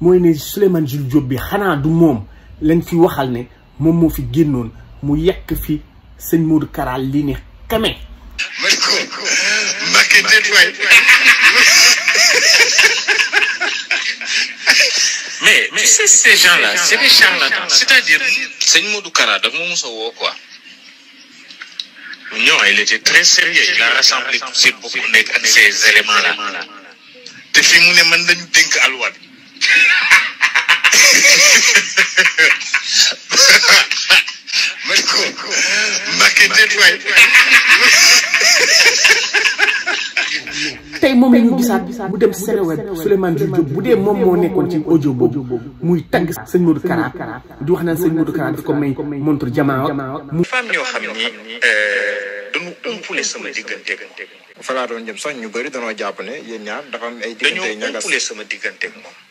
mooy ne Souleymane Jules Diop bi xana du mom lañ fi waxal né mom mo fi génnoon mu yek fi Seigne Modou Kara li né kamé mais mais c'est ces gens-là c'est des charlatans c'est-à-dire sëñ Modou Kara daf ma mosoo woo quoi non il était très sérieux il a rassemblé tous ces bokk ak ces éléments là te fi mu ne man lañu dénk alwa bi tey moom la ñu gisaat bu dem Seneweb Souleymane Jules Diop bu dee moom moo nekkoon ci audio boobu muy tagg sëñ Modou Kara di wax naan sëñ Modou Kara daf ko may montre jamaa mu fam ñoo xam ni euh, dañu umpule sama diggante fa laa doon jëm sax ñu bëri danoo jàpp ne yéen ñaar dafa am ay diggante ñaga dañoo umpule sama diggante moom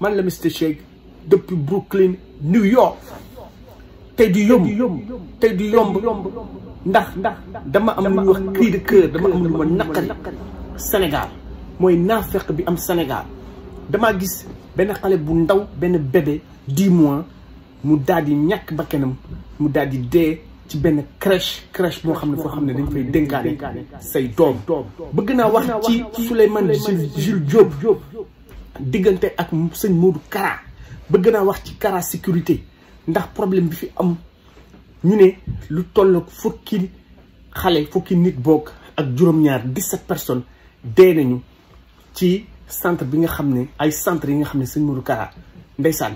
man la Mister Shake depuis Brooklyn New York tey du yomb tey du yomb ndax ndax dama am lu wax cri de cœur dama am lu ma naqari Sénégal mooy naafeq bi am Sénégal damaa gis benn xale bu ndaw benn bébé dix mois mu daal di ñàkk bakkanam mu daal di dee ci benn crèche crèche boo xam ne foo xam ne dañ fay dénkaane say doom bëgg naa wax ci Souleymane Jules Diop diggante ak sëñ Modou Kara bëgg naa wax ci Kara sécurité ndax problème bi fi am ñu ne lu toll fukki xale fukki nit bokk ak juróom-ñaar 17 personnes dee nañu ci centre bi nga xam ne ay centre yi nga xam ne sëñ Modou Kara ndeysaan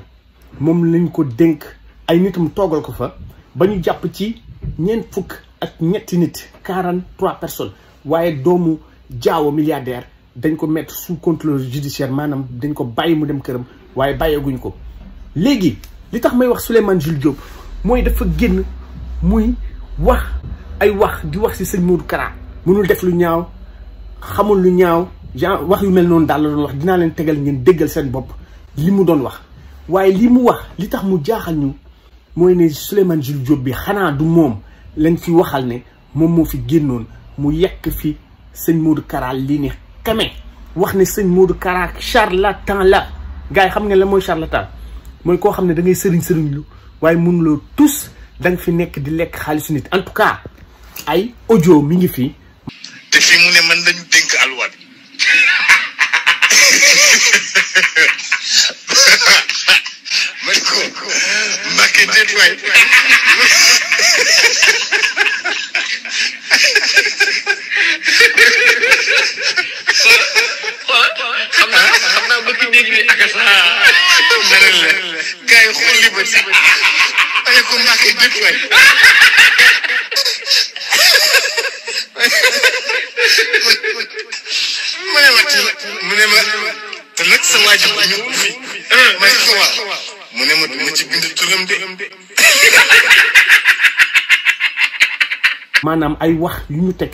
moom lañ ko dénk ay nitam toogal ko fa ba ñu jàpp ci ñeent fukk ak ñetti nit 43 personnes waaye doomu jaawo milliardaire dañ ko mettre sous contrôle judiciaire maanaam dañ ko bàyyi mu dem këram waaye bàyyeeguñ ko léegi li tax may wax Souleymane Jules Diop mooy dafa génn muy wax ay wax di wax si sëñ Modou Kara mënul def lu ñaaw xamul lu ñaaw genre wax yu mel noonu daal la doon wax dinaa leen tegal ngeen déggal seen bopp li mu doon wax waaye li mu wax li tax mu jaaxal ñu mooy ne Souleymane Jules Diop bi xanaa du moom lañ fi waxal ne moom moo fi génnoon mu yekk fi sëñ Modou Kara li ne xeme wax ne sëñ Modou Kara charlatan la gars yi xam nga la mooy charlatan mooy koo xam ne da ngay sëriñ sëriñ lu waaye mënuloo tous da nga fi nekk di lekk xaalisu nit en tout cas ay audio mi ngi fi. te fi mu ne bi dégg ni akasa dara la gars maanaam ay wax yu ñu teg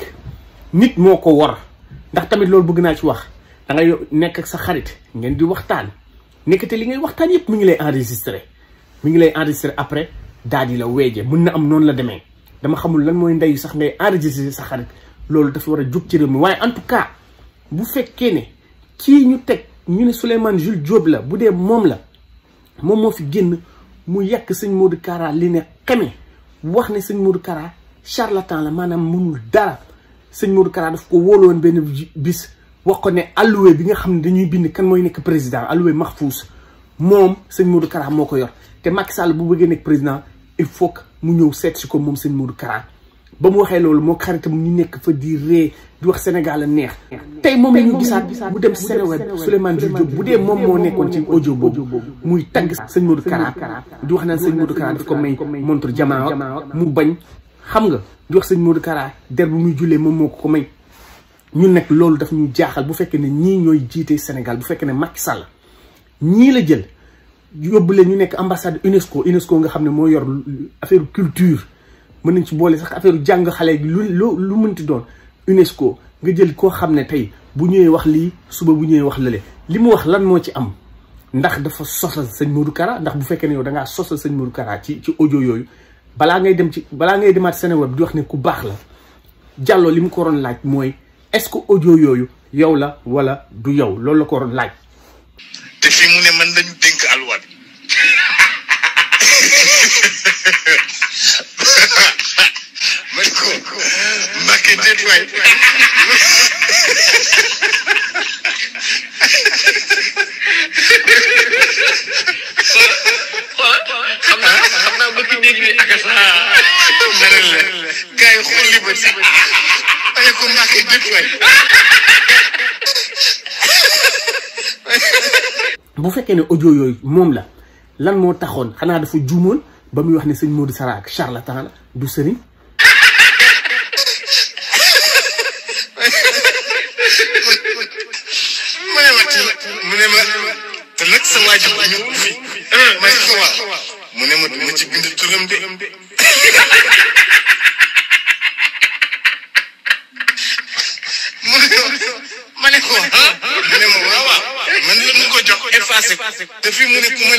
nit moo ko war ndax tamit loolu bëgg naa ci wax da ngay nekk ak sa xarit ngeen di waxtaan nekkate li ngay waxtaan yëpp mu ngi lay enregistré mu ngi lay enregistré après daal di la weeje mun na am noonu la demee dama xamul lan mooy ndeyu sax ngay enregistré sa xarit loolu dafa war a jub ci réew mi waaye en tout cas bu fekkee ne kii ñu teg ñu ne Souleymane Jules Diop la bu dee moom la moom moo fi génn mu yekk sëñ Modou Kara li ne xeme wax ne sëñ Modou Kara charlatan la maanaam mënul dara sëñ Modou Kara daf ko benn bis wax ko ne alloué bi nga xam ne dañuy bind kan mooy nekk président alloué Mahfouz moom sëñ Modou karaa moo ko yor te Macky Sall bu bëggee nekk président il faut que mu ñëw seet si ko moom sëñ Modou Kara ba mu waxee loolu moo xaritam ñu nekk fa di wax Sénégal a neex tey moom la ñu gisaat mu dem Seneweb Souleymane Jules Diop bu dee moo nekkoon ci audio boobu muy tagg sëñ Modou Kara di wax naan sëñ Modou Kara daf ko may montre jamaa mu bañ xam nga di wax sëñ Modou Kara der bu muy jullee moom moo ko ko may ñu nekk loolu daf ñu jaaxal bu fekkee ne ñii ñooy jiitee Sénégal bu fekkee ne Macky Sall ñii la jël yóbbu leen ñu nekk ambassade UNESCO UNESCO nga xam ne moo yor affaire culture mën nañ ci boole sax affaire jàng xale gi lu lu mënti doon UNESCO nga jël koo xam ne tey bu ñëwee wax lii suba bu ñëwee wax lële li mu wax lan moo ci am ndax dafa sosal sëñ Modou Kara ndax bu fekkee ne yow da ngaa sosal sëñ Modou Kara ci ci audio yooyu balaa ngay dem ci balaa ngay demaat Sénégal di wax ne ku baax la Diallo li mu ko waroon laaj mooy. est-ce que audio yooyu yow la wala du yow lool la ko waroon laaj. te fii mu ne man lañu dénk alluwa bi man ko Mbacke déet waay xam naa xam naa bëgg dégg bi ak saa. Ah, dëgg la gars bu fekkee ne audio moom la lan moo taxoon xanaa dafa juumoon ba muy wax ne sëñ Modou Sara ak charlatan la du sëriñ mu ne ma te nag sa waa ji ñëwul fi mu ne ma ci bind turam de ne ko jox effacé te fii mu ne ku ma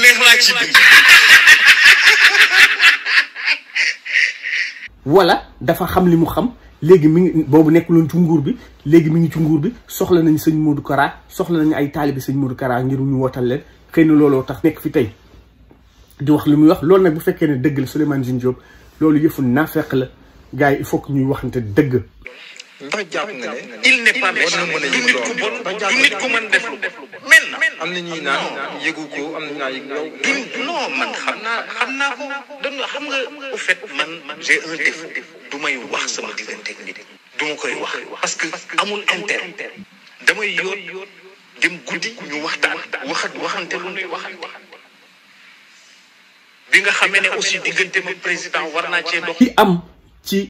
neex dafa xam li mu xam léegi mi ngi boobu nekk loon ci nguur bi léegi mi ngi ci nguur bi soxla nañ sëñ Modou Kara soxla nañ ay taalibi sëñ Modou Kara ngir ñu wootal leen xëy na looloo tax nekk fi tey di wax li muy wax loolu nag bu fekkee ne dëgg la Souleymane Jules Diop loolu yëfu naafeq la gars yi fokk faut que ñuy waxante dëgg. ba jàpp nga ne il n'est pas méchant du nit ku bon du men na ñuy naan yëgu na ñuy naan yëgu ko man xam naa xam naa ko dañu xam nga au fait man j'ai un défaut du wax sama diggante ak nit du ma koy wax parce que amul intérêt damay yoot dem guddi ku ñu waxtaan waxat waxante lu nuy waxante bi nga xamee ne aussi diggante ma président war naa cee dox. ci am ci